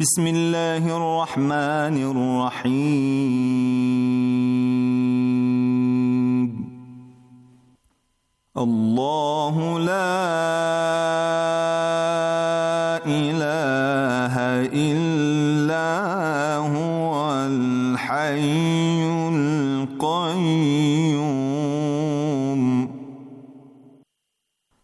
بسم الله الرحمن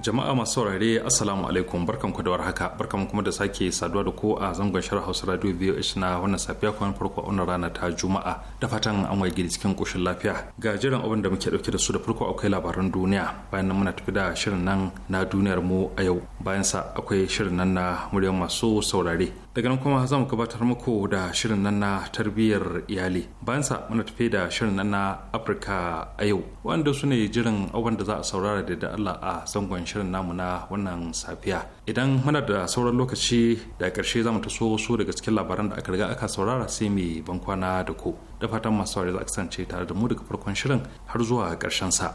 jama'a masu saurare assalamu alaikum barkan ku da warhaka barkan kuma da sake saduwa da ku a zangon shirin hausa radio voh na wannan safiya kuma farko a wannan rana ta juma'a da fatan an waye gidi cikin koshin lafiya ga jiran abin da muke dauke da su da farko akwai labaran duniya bayan nan muna tafi da shirin nan na duniyar mu a yau bayan sa akwai shirin nan na muryar masu saurare daga nan kuma za mu gabatar muku da shirin nan na tarbiyyar iyali bayan sa muna tafi da shirin nan na afirka a yau wanda su ne jirin abubuwan da za a saurara da allah a zangon shirin namu na wannan safiya idan muna da sauran lokaci da karshe za mu taso su daga cikin labaran da aka riga aka saurara sai mai bankwana da ku da fatan masu saurari za a kasance tare da mu daga farkon shirin har zuwa ƙarshen sa.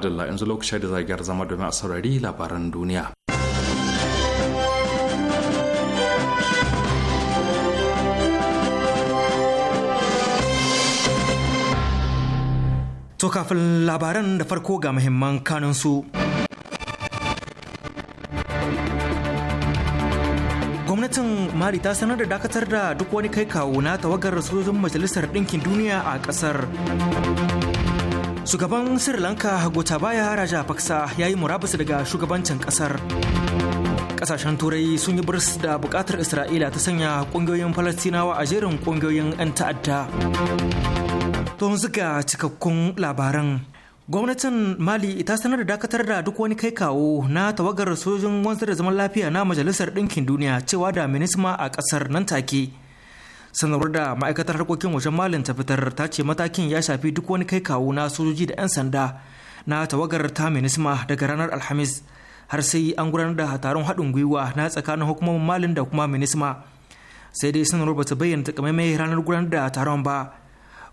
madalla yanzu lokacin da zagiyar zama domin a saurari labaran duniya. To kafin labaran da farko ga muhimman kanunsu. Gwamnatin Mali ta sanar da dakatar da duk wani kai kawo na tawagar sojojin Majalisar Ɗinkin Duniya a ƙasar. shugaban sri lanka gotabaya rajapaksa ya yi murabus daga shugabancin kasar kasashen turai sun yi birs da bukatar isra'ila ta sanya kungiyoyin falastinawa a jerin kungiyoyin 'yan ta'adda don zuga cikakkun labaran gwamnatin mali ta sanar da dakatar da duk wani kai kawo na tawagar sojin wanzar da zaman lafiya na majalisar ɗinkin duniya cewa da minisma a ƙasar nan take sanarwar da ma'aikatar harkokin wajen malin ta fitar ta ce matakin ya shafi duk wani kai kawo na sojoji da 'yan sanda na tawagar ta minisma daga ranar alhamis har sai an gudanar da taron haɗin gwiwa na tsakanin hukumomin malin da kuma minisma sai dai sanarwar ta bayyana takamaimai ranar gudanar da taron ba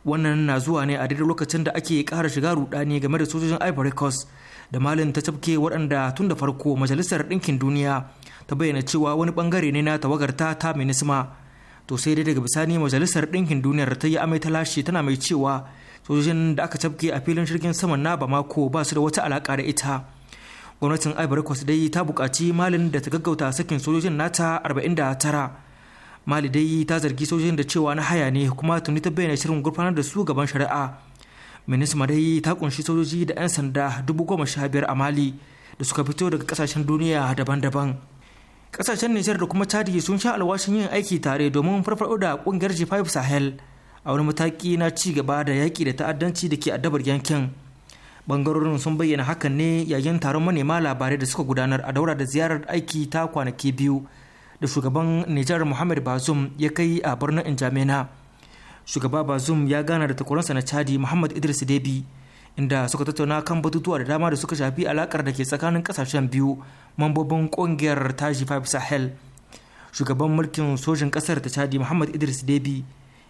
wannan na zuwa ne a daidai lokacin da ake kara shiga rudani game da sojojin ivory coast da malin ta tafke waɗanda tun da farko majalisar ɗinkin duniya ta bayyana cewa wani bangare ne na tawagar ta ta minisma to sai dai daga bisani majalisar ɗinkin duniyar ta yi amai ta tana mai cewa sojojin da aka tafke a filin jirgin saman na bamako ba su da wata alaka da ita gwamnatin ivory coast dai ta buƙaci malin da ta gaggauta sakin sojojin nata arba'in da tara mali dai ta zargi sojojin da cewa na haya ne kuma tuni ta bayyana shirin gurfanar da su gaban shari'a minisma dai ta kunshi sojoji da 'yan sanda dubu goma sha biyar a mali da suka fito daga kasashen duniya daban-daban kasashen nijar da kuma chadi sun sha alwashin yin aiki tare domin farfaɗo da kungiyar g5 sahel a wani mataki na ci gaba da yaƙi da ta'addanci da ke addabar yankin bangarorin sun bayyana hakan ne yayin taron manema labarai da suka gudanar a daura da ziyarar aiki ta kwanaki biyu da shugaban nijar muhammad bazum ya kai a birnin injamena shugaba bazum ya gana da takwaransa na chadi muhammad idris debi inda suka tattauna kan batutuwa da dama da suka shafi alakar da ke tsakanin kasashen biyu mambobin kungiyar taji five sahel shugaban mulkin sojin kasar ta chadi muhammad idris debi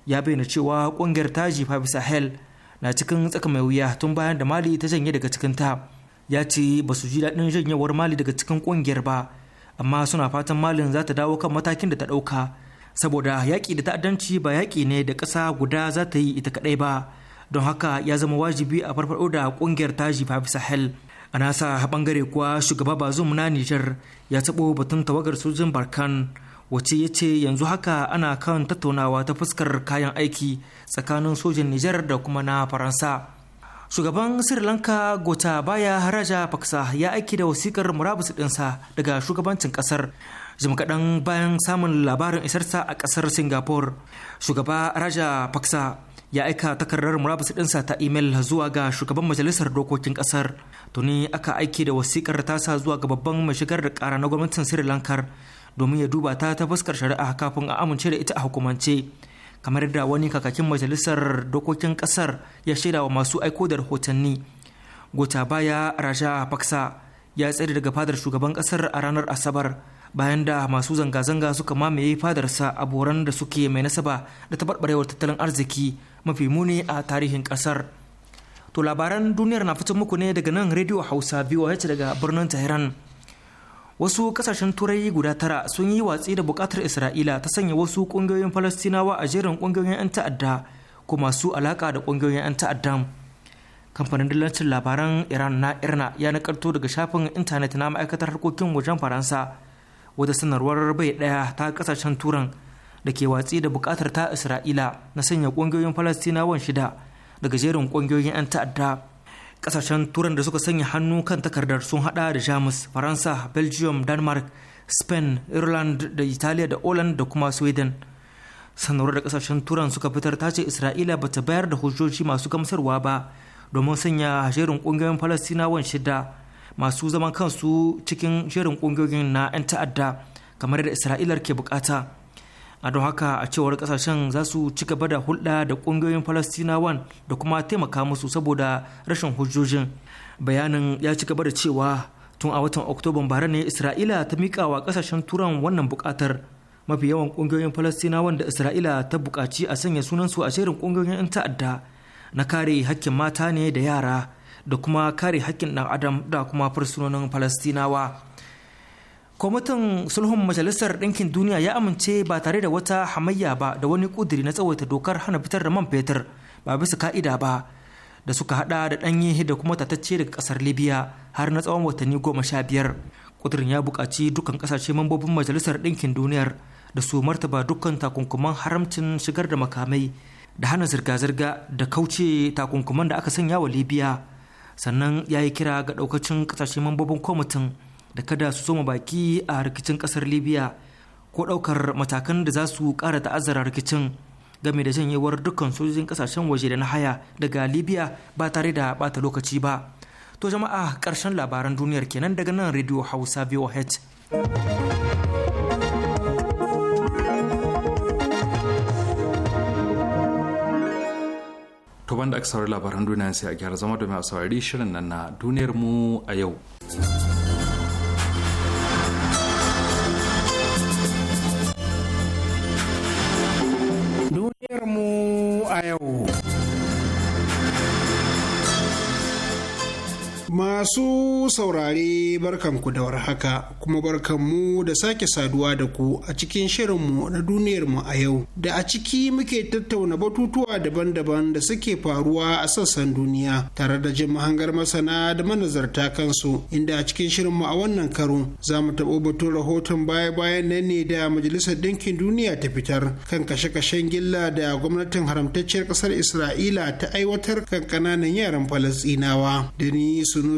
ya bayyana cewa kungiyar taji five sahel na cikin tsaka mai wuya tun bayan da mali ta janye daga cikin ta ya ce ba su ji daɗin janyewar mali daga cikin kungiyar ba amma suna fatan malin za ta dawo kan matakin da ta ɗauka saboda yaƙi da ta'addanci ba yaƙi ne da ƙasa guda za ta yi ita kaɗai ba don haka ya zama wajibi a farfado da kungiyar taji fafi sahel a nasa bangare kuwa shugaba bazum na nijar ya tabo batun tawagar sojin barkan wace ya ce yanzu haka ana kan tattaunawa ta fuskar kayan aiki tsakanin sojin nijar da kuma na faransa shugaban sri lanka baya haraja paksa ya aiki da wasikar murabus ɗinsa daga shugabancin ƙasar jim kaɗan bayan samun labarin isarsa a ƙasar singapore shugaba raja paksa ya aika takardar murabus ɗinsa ta imel zuwa ga shugaban majalisar dokokin ƙasar tuni aka aiki da wasikar tasa zuwa ga babban mai shigar da ƙara na gwamnatin sri lankar domin ya duba ta ta fuskar shari'a kafin a amince da ita a hukumance kamar da wani kakakin majalisar dokokin kasar ya shaida wa masu aiko da rahotanni gota baya raja paksa ya tsere daga fadar shugaban ƙasar a ranar asabar bayan da masu zanga-zanga suka mamaye fadarsa a boran da suke mai nasaba da taɓarɓarewar tattalin arziki mafi muni a tarihin kasar to labaran duniyar na fito muku ne daga nan radio hausa voh daga birnin tehran wasu kasashen turai guda tara sun yi watsi da bukatar isra'ila ta sanya wasu kungiyoyin falastinawa a jerin kungiyoyin 'yan ta'adda ko masu alaka da kungiyoyin 'yan ta'adda kamfanin dillancin labaran iran na irna ya nakarto daga shafin intanet na ma'aikatar harkokin wajen faransa wadda sanarwar bai daya ta kasashen turan da ke watsi da bukatar ta isra'ila na sanya ƙungiyoyin falastinawan shida daga jerin kungiyoyin 'yan ta'adda kasashen turan da suka sanya hannu kan takardar sun hada da jamus faransa belgium denmark spain ireland da italiya da oland da kuma sweden sanarwar da kasashen turan suka fitar ta ce isra'ila ba ta bayar da hujjoji masu gamsarwa ba domin sanya jerin kungiyoyin falastinawan shida masu zaman kansu cikin jerin kungiyoyin na 'yan ta'adda kamar da isra'ilar ke bukata a don haka a cewar kasashen za su ci gaba da hulɗa da ƙungiyoyin falastinawan da kuma taimaka musu saboda rashin hujjojin bayanin ya ci gaba da cewa tun a watan oktoban bara ne isra'ila ta miƙa wa kasashen turan wannan buƙatar mafi yawan ƙungiyoyin falastinawan da isra'ila ta buƙaci a sanya sunansu a shirin ƙungiyoyin 'yan ta'adda na kare haƙƙin mata ne da yara da kuma kare haƙƙin ɗan adam da kuma fursunonin falastinawa kwamitin sulhun majalisar ɗinkin duniya ya amince ba tare da wata hamayya ba da wani ƙudiri na tsawaita dokar hana fitar da man fetur ba bisa ka'ida ba da suka hada da ɗanye da kuma tatacce daga ƙasar libya har na tsawon watanni goma sha biyar ƙudirin ya buƙaci dukkan ƙasashe mambobin majalisar ɗinkin duniyar da su martaba dukkan takunkuman haramcin shigar da makamai da hana zirga-zirga da kauce takunkuman da aka sanya wa libya sannan ya yi kira ga ɗaukacin ƙasashe mambobin kwamitin da kada su soma baki a rikicin kasar libya ko daukar matakan da za su kara ta'azzara rikicin game da janyewar dukkan sojojin kasashen waje da na haya daga libya ba tare da bata lokaci ba to jama'a karshen labaran duniyar kenan daga nan radio hausa voh to banda aka saurari labaran duniya sai a gyara zama domin a saurari shirin nan na duniyar mu a yau yau. Masu saurare ku da warhaka kuma barkanmu da sake saduwa da ku a cikin shirinmu na duniyar mu a yau da a ciki muke tattauna batutuwa daban-daban da suke faruwa a sassan duniya tare da jin mahangar masana da manazarta kansu inda a cikin shirinmu a wannan karo za mu taɓo batun rahoton baya-bayan nan ne da majalisar ɗinkin duniya ta fitar kan kashe-kashen gilla da gwamnatin haramtacciyar ƙasar Isra'ila ta aiwatar kan ƙananan yaran Falasɗinawa da ni sunu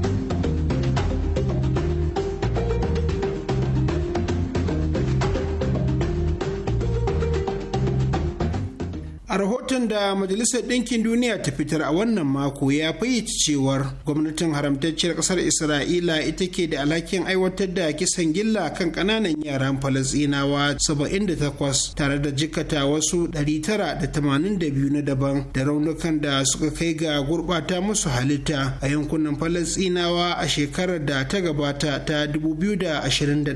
A rahoton da Majalisar Ɗinkin Duniya ta fitar a wannan mako ya fayyace cewar gwamnatin haramtacciyar ƙasar Isra'ila ita ke da alhakin aiwatar da kisan gilla kan ƙananan yaran Falasɗinawa 78 tare da jikata wasu 982 na daban da raunukan da suka kai ga gurɓata musu halitta a yankunan Falasɗinawa a shekarar da ta gabata ta 2021.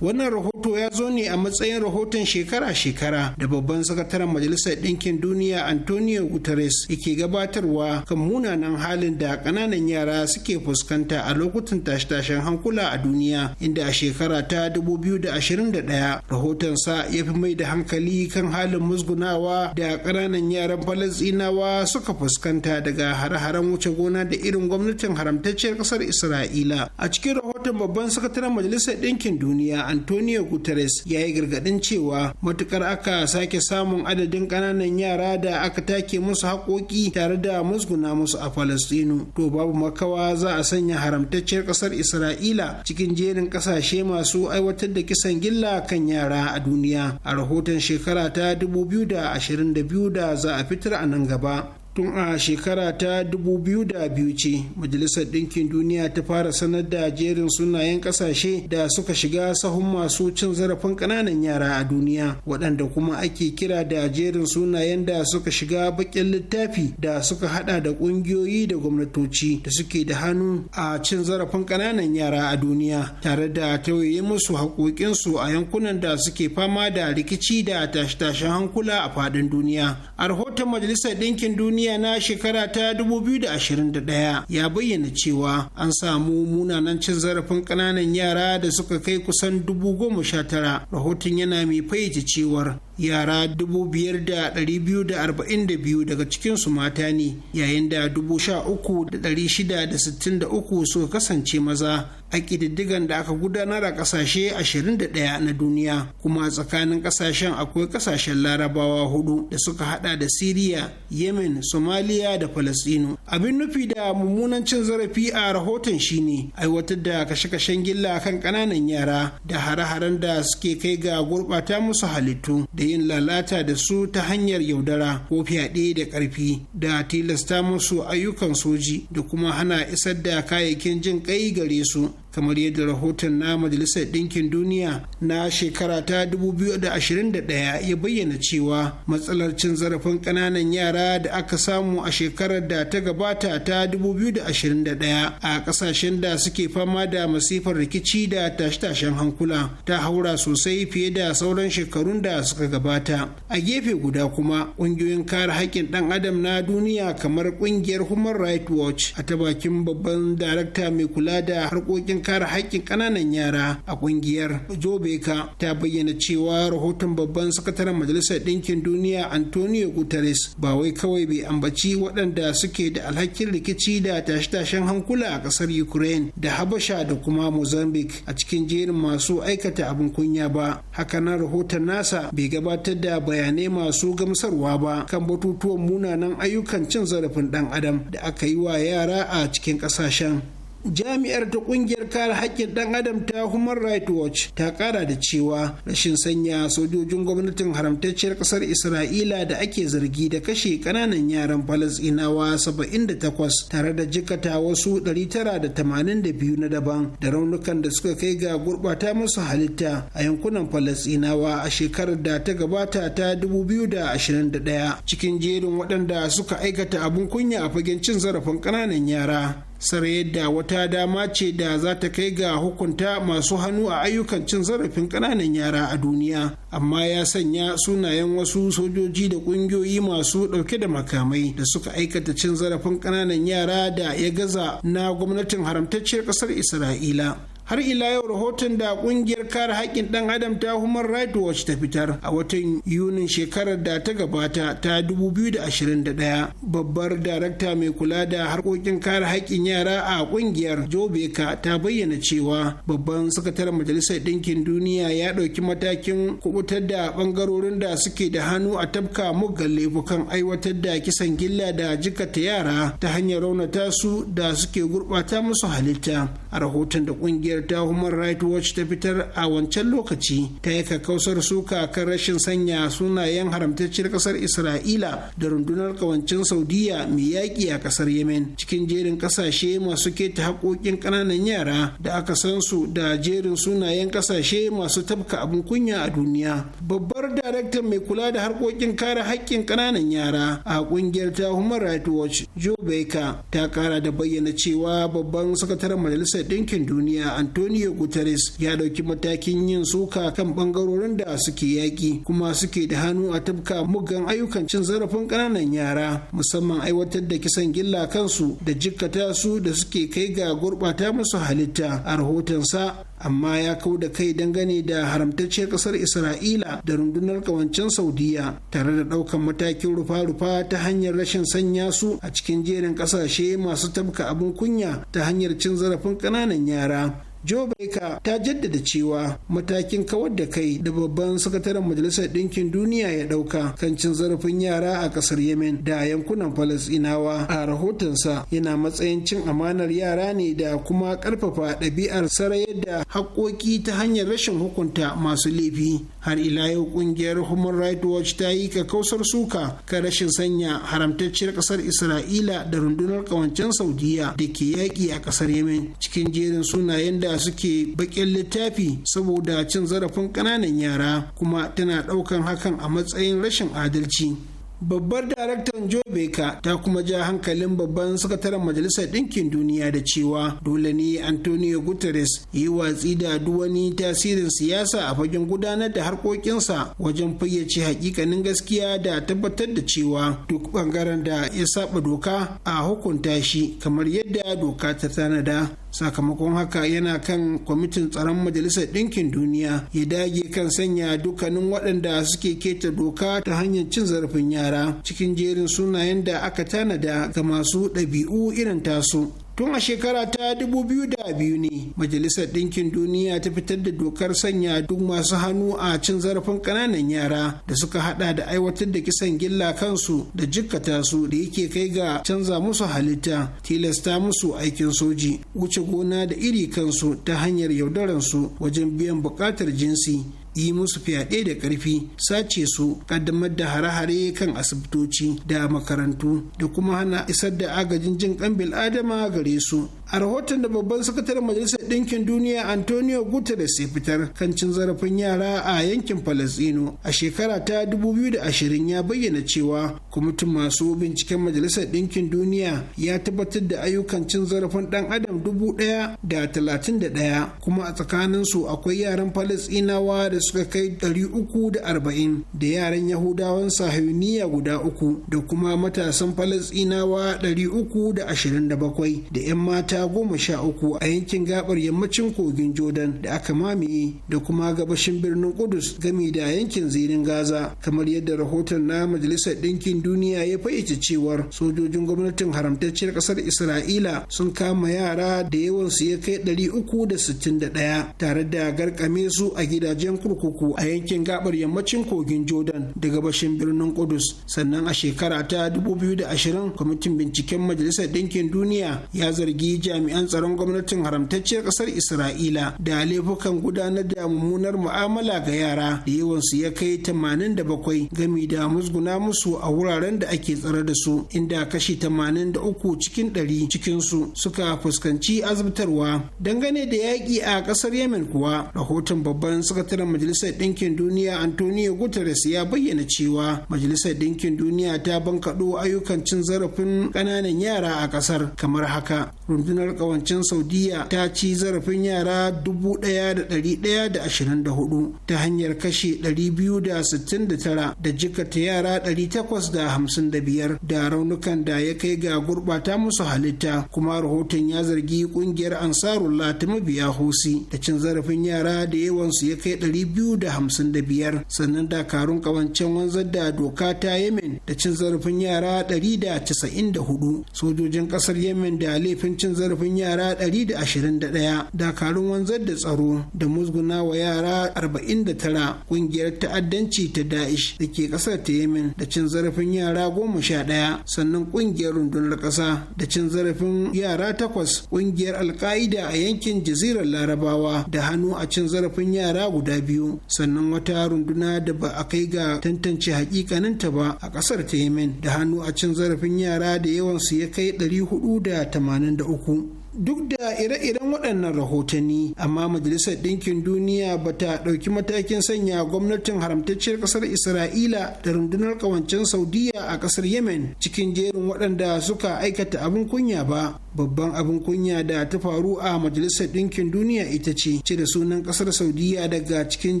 Wannan rahoto ya zo ne a matsayin rahoton shekara-shekara da babban sakataren Majalisar Ɗinkin ɗinkin duniya antonio guterres yake gabatarwa kan munanan halin da ƙananan yara suke fuskanta a lokutan tashe-tashen hankula a duniya inda a shekara ta 2021 rahotonsa ya fi mai da hankali kan halin musgunawa da ƙananan yaran falasɗinawa suka fuskanta daga hare-haren wuce gona da irin gwamnatin haramtacciyar ƙasar isra'ila a cikin rahoton rahoton babban sakataren majalisar ɗinkin duniya antonio guterres ya yi gargaɗin cewa matukar aka sake samun adadin ƙananan yara da aka take musu haƙoƙi tare da musguna musu a falastinu to babu makawa za a sanya haramtacciyar ƙasar isra'ila cikin jerin ƙasashe masu aiwatar da kisan gilla kan yara a duniya a rahoton shekara ta 2022 da za a fitar a nan gaba tun a shekara ta 2002 ce majalisar ɗinkin duniya ta fara sanar da jerin sunayen ƙasashe da suka shiga sahun masu cin zarafin ƙananan yara a duniya waɗanda kuma ake kira da jerin sunayen da suka shiga baƙin littafi da suka haɗa da ƙungiyoyi da gwamnatoci da suke da hannu a cin zarafin ƙananan yara a duniya tare da tauye musu haƙoƙinsu a yankunan da suke fama da rikici da tashe-tashen hankula a faɗin duniya a rahoton majalisar ɗinkin duniya miladiya na shekara ta 2021 ya bayyana cewa an samu munanan cin zarafin ƙananan yara da suka kai kusan dubu goma sha tara rahoton yana mai fayyace cewar yara 5,242 daga cikinsu mata ne yayin da 13,663 suka kasance maza a ƙididdigan da aka gudanar a ƙasashe 21 na duniya kuma tsakanin ƙasashen akwai ƙasashen larabawa hudu da suka hada da siriya yemen somaliya da falasino abin nufi da mummunan cin zarafi a rahoton shine aiwatar da kashe-kashen gilla kan ƙananan yara da hare-haren da suke kai ga gurɓata musu halittu da yin lalata da su ta hanyar yaudara ko fyaɗe da ƙarfi da tilasta musu ayyukan soji da kuma hana isar da kayayyakin jin ƙai gare su kamar yadda rahoton na majalisar ɗinkin duniya na shekara ta 2021 ya bayyana cewa matsalar cin zarafin ƙananan yara da aka samu a shekarar da ta gabata ta 2021 a ƙasashen da suke fama da masifar rikici da tashe-tashen hankula ta haura sosai fiye da sauran shekarun da suka gabata a gefe guda kuma ƙungiyoyin kare haƙƙin ɗan adam na duniya kamar ƙungiyar human rights watch a ta bakin babban darakta mai kula da harkokin kare haƙƙin ƙananan yara a ƙungiyar jobeka ta bayyana cewa rahoton babban sakataren majalisar ɗinkin duniya antonio guterres ba wai kawai bai ambaci waɗanda suke da alhakin rikici da tashe-tashen hankula a ƙasar ukraine da habasha da kuma mozambique a cikin jerin masu aikata abin kunya ba hakanan rahoton nasa bai gabatar da bayanai masu gamsarwa ba kan batutuwan munanan ayyukan cin zarafin ɗan adam da aka yi wa yara a cikin ƙasashen jami'ar ta kungiyar kare haƙƙin ɗan adam ta human rights watch ta ƙara da cewa rashin sanya sojojin gwamnatin haramtacciyar ƙasar isra'ila da ake zargi da kashe ƙananan yaran falasɗinawa 78 tare da jikata wasu 982 na daban da raunukan da suka kai ga gurɓata musu halitta a yankunan falasɗinawa a shekarar da ta gabata ta 2021 cikin jerin waɗanda suka aikata abin kunya a fagen cin zarafin ƙananan yara yadda wata dama ce da za ta kai ga hukunta masu hannu a ayyukan cin zarafin kananan yara a duniya amma ya sanya sunayen wasu sojoji da ƙungiyoyi masu ɗauke da makamai da suka aikata cin zarafin kananan yara da ya gaza na gwamnatin haramtacciyar ƙasar isra'ila har ila yau rahoton da kungiyar kare haƙƙin ɗan adam ta human rights watch ta fitar a watan yunin shekarar da ta gabata ta 2021 babbar darakta mai kula da harkokin kare haƙƙin yara a kungiyar jobeka ta bayyana cewa babban sakataren majalisar ɗinkin duniya ya ɗauki matakin kubutar da ɓangarorin da suke da hannu a tabka muggan laifukan aiwatar da kisan gilla da jikata yara ta hanyar raunata su da suke gurɓata musu halitta a rahoton da kungiyar kungiyar ta human rights watch ta fitar a wancan lokaci ta yi kakkausar suka kan rashin sanya sunayen haramtacciyar kasar isra'ila da rundunar kawancin saudiya mai yaƙi a kasar yemen cikin jerin kasashe masu keta haƙoƙin ƙananan yara da aka san su da jerin sunayen ƙasashe masu tafka abin kunya a duniya babbar daraktan mai kula da harkokin kare haƙƙin ƙananan yara a ƙungiyar ta human rights watch joe baker ta ƙara da bayyana cewa babban sakataren majalisar ɗinkin duniya antonio guterres ya ɗauki matakin yin suka kan ɓangarorin da suke yaƙi kuma suke da hannu a tabka muggan ayyukan cin zarafin ƙananan yara musamman aiwatar da kisan gilla kansu da jikkata su da suke kai ga gurɓata musu halitta a rahotonsa amma ya kau da kai dangane da haramtacciyar kasar isra'ila da rundunar ƙawancin saudiya tare da ɗaukar matakin rufa-rufa ta hanyar rashin sanya su a cikin jerin ƙasashe masu tabka abin kunya ta hanyar cin zarafin ƙananan yara Joe Baker ta jaddada cewa matakin kawar da kai da babban sakataren Majalisar Ɗinkin Duniya ya ɗauka kan cin zarafin yara a ƙasar Yemen da yankunan Falasɗinawa a rahotonsa yana matsayin cin amanar yara ne da kuma ƙarfafa ɗabi'ar sarayar da haƙƙoƙi ta hanyar rashin hukunta masu laifi har ila yau ƙungiyar human rights watch ta yi kakausar suka ka rashin sanya haramtacciyar ƙasar isra'ila da rundunar ƙawancen saudiya da ke yaƙi a ƙasar yemen cikin jerin sunayen da suke baƙin littafi saboda cin zarafin ƙananan yara kuma tana ɗaukan hakan a matsayin rashin adalci babbar daraktan joe baker ta kuma ja hankalin babban sakataren majalisar ɗinkin duniya da cewa dole ne antonio guterres yi watsi da duwani tasirin siyasa a fagen gudanar da harkokinsa wajen fayyace hakikanin gaskiya da tabbatar da cewa duk bangaren da ya saba doka a hukunta shi kamar yadda doka ta tanada sakamakon haka yana kan kwamitin tsaron majalisar ɗinkin duniya ya dage kan sanya dukkanin waɗanda suke keta doka ta hanyar cin zarafin yara cikin jerin sunayen da aka tanada ga masu ɗabi'u irin tasu tun a shekara ta 2002 ne majalisar ɗinkin duniya ta fitar da dokar sanya duk masu hannu a cin zarafin ƙananan yara da suka hada da aiwatar da kisan gilla kansu da jikkata su da yake kai ga canza musu halitta tilasta musu aikin soji wuce gona da iri kansu ta hanyar yaudaransu wajen biyan buƙatar jinsi yi musu fyaɗe da ƙarfi sace su ƙaddamar da hare-hare kan asibitoci da makarantu da kuma hana isar da agajin jin ƙan bil'adama gare su a rahoton da babban sakataren majalisar ɗinkin duniya antonio guterres ya fitar kan cin zarafin yara a yankin palestino a shekara ta 2020 ya bayyana cewa kwamitin masu binciken majalisar ɗinkin duniya ya tabbatar da ayyukan cin zarafin ɗan adam dubu ɗaya da talatin da ɗaya kuma a tsakanin su akwai yaran palestinawa da suka kai 340 da yaran yahudawan sahiyuniya guda uku da kuma matasan palestinawa 327 da 'yan mata goma sha uku a yankin gabar yammacin kogin jordan da aka mamaye da kuma gabashin birnin kudus gami da yankin zirin gaza kamar yadda rahoton na majalisar ɗinkin duniya ya fayyace cewar sojojin gwamnatin haramtacciyar ƙasar isra'ila sun kama yara da yawan su ya kai ɗari uku da sittin da ɗaya tare da garkame su a gidajen kurkuku a yankin gabar yammacin kogin jordan da gabashin birnin kudus sannan a shekara ta 2020 kwamitin binciken majalisar ɗinkin duniya ya zargi jami'an tsaron gwamnatin haramtacciyar ƙasar isra'ila da laifukan gudanar da mummunar mu'amala ga yara da yawansu ya kai tamanin da 87 gami da musguna musu a wuraren da ake tsare da su inda kashi tamanin da uku cikin 100 cikinsu suka fuskanci azabtarwa dangane da yaƙi a ƙasar yemen kuwa rahoton babban sakataren majalisar ɗinkin duniya antonio guterres ya bayyana cewa majalisar ɗinkin duniya ta bankaɗo ayyukan cin zarafin ƙananan yara a ƙasar kamar haka rundunar kawancin saudiya ta ci zarafin yara 1,124 ta hanyar kashe 269 da jikata yara 855 da raunukan da ya kai ga gurbata musu halitta kuma rahoton ya zargi kungiyar ansarun ta mabiya hosi da cin zarafin yara da yawansu ya kai 255 sannan dakarun kawancin wanzar da doka ta yemen da cin zarafin yara 194 sojojin kasar yemen da laifin cin zarafin yara 121 dakarun wanzar da tsaro da musguna wa yara 49 kungiyar ta'addanci ta da'ish da ke kasar ta yemen da cin zarafin yara 11 sannan kungiyar rundunar kasa da cin zarafin yara takwas kungiyar alka'ida a yankin jazirar larabawa da hannu a cin zarafin yara guda biyu sannan wata runduna da ba a kai ga tantance hakikaninta ba a kasar ta yemen da hannu a cin zarafin yara da yawansu ya kai 483 uku duk da ire-iren waɗannan rahotanni amma majalisar ɗinkin duniya ba ta ɗauki matakin sanya gwamnatin haramtacciyar ƙasar isra'ila da rundunar ƙawancen saudiya a ƙasar yemen cikin jerin waɗanda suka aikata abin kunya ba babban abin kunya da ta faru a majalisar ɗinkin duniya ita ce cire sunan ƙasar saudiya daga cikin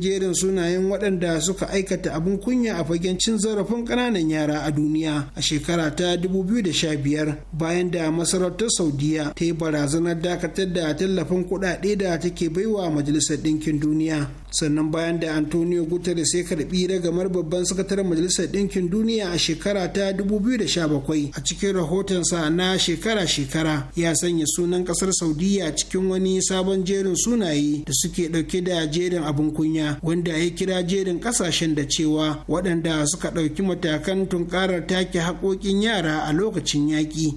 jerin sunayen waɗanda suka aikata abin kunya a fagen cin zarafin ƙananan yara a duniya a shekara ta 2015 bayan da masarautar saudiya ta yi barazanar dakatar da tallafin kuɗaɗe da take baiwa majalisar ɗinkin duniya sannan bayan da antonio guterres ya karbi ragamar babban sakataren majalisar ɗinkin duniya a shekara ta 2017 a cikin rahotonsa na shekara-shekara ya sanya sunan ƙasar saudiya cikin wani sabon jerin sunaye da suke ɗauke da jerin abin kunya wanda ya kira jerin ƙasashen da cewa waɗanda suka ɗauki matakan tunkarar take haƙoƙin yara a lokacin yaƙi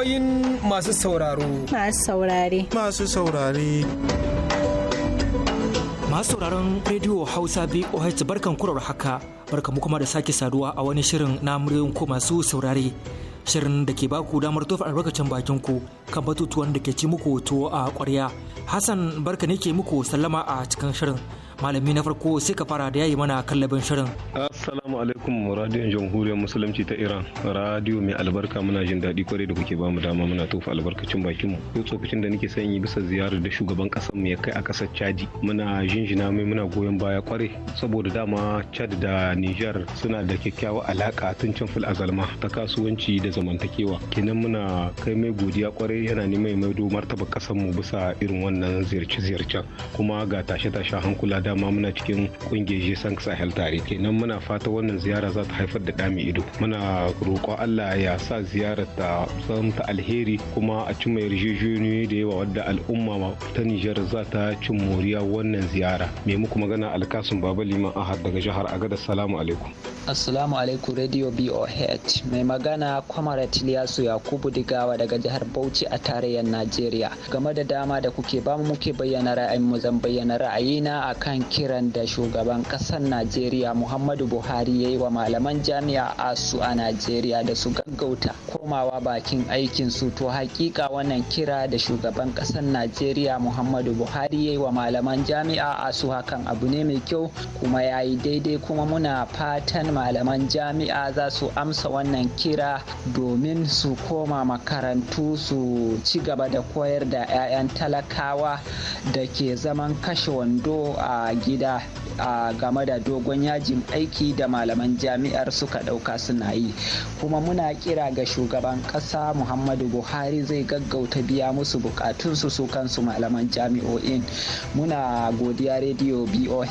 ra'ayoyin masu sauraro. Masu saurare. Masu saurare. Masu sauraron rediyo Hausa BOH barkan kurar haka barka mu kuma da sake saduwa a wani shirin na muryoyin ko masu saurare. Shirin da ke baku damar tofa albarkacin bakin ku kan batutuwan da ke ci muku tuwo a ƙwarya. Hassan barka ne ke muku sallama a cikin shirin. malami na farko sai ka fara da yayi mana kallabin shirin assalamu alaikum radiyon jamhuriyar musulunci ta iran radiyo mai albarka muna jin daɗi kwarai da kuke bamu dama muna tofa albarkacin bakinmu yau tsofaffin da nake sanyi bisa ziyara da shugaban ƙasar mu ya kai a ƙasar chadi muna jinjina mai muna goyon baya kwarai saboda dama chad da niger suna da kyakkyawa alaka tun can fil azalma ta kasuwanci da zamantakewa kenan muna kai mai godiya kwarai yana neman maido martaba ƙasar mu bisa irin wannan ziyarce-ziyarcen kuma ga tashe-tashen hankula da dama muna cikin kungiyar jisan sahel tare kenan muna fata wannan ziyara za ta haifar da dami ido muna roƙon allah ya sa ziyarar ta san ta alheri kuma a cimma yarjejeniyoyi da yawa wadda al'umma ta nijar za ta cin moriya wannan ziyara me muku magana alkasun baba liman ahad daga jihar agada salamu alaikum assalamu alaikum radio boh mai magana kwamara tiliyasu yakubu digawa daga jihar bauchi a tarayyar najeriya game da dama da kuke bamu muke bayyana ra'ayin mu zan bayyana ra'ayina akan kan kiran da shugaban kasar najeriya muhammadu buhari ya yi wa malaman jami'a asu a najeriya da su gaggauta komawa bakin aikin su to hakika wannan kira da shugaban kasar najeriya muhammadu buhari ya yi wa malaman jami'a asu hakan abu ne mai kyau kuma ya yi daidai kuma muna fatan malaman jami'a za su amsa wannan kira domin su koma makarantu su ci gaba da koyar da 'ya'yan talakawa da ke zaman kashe wando a gida a game da dogon yajin aiki da malaman jami'ar suka ɗauka suna yi kuma muna kira ga shugaban ƙasa muhammadu buhari zai gaggauta biya musu bukatunsu su kansu malaman jami'o'in muna godiya rediyo boh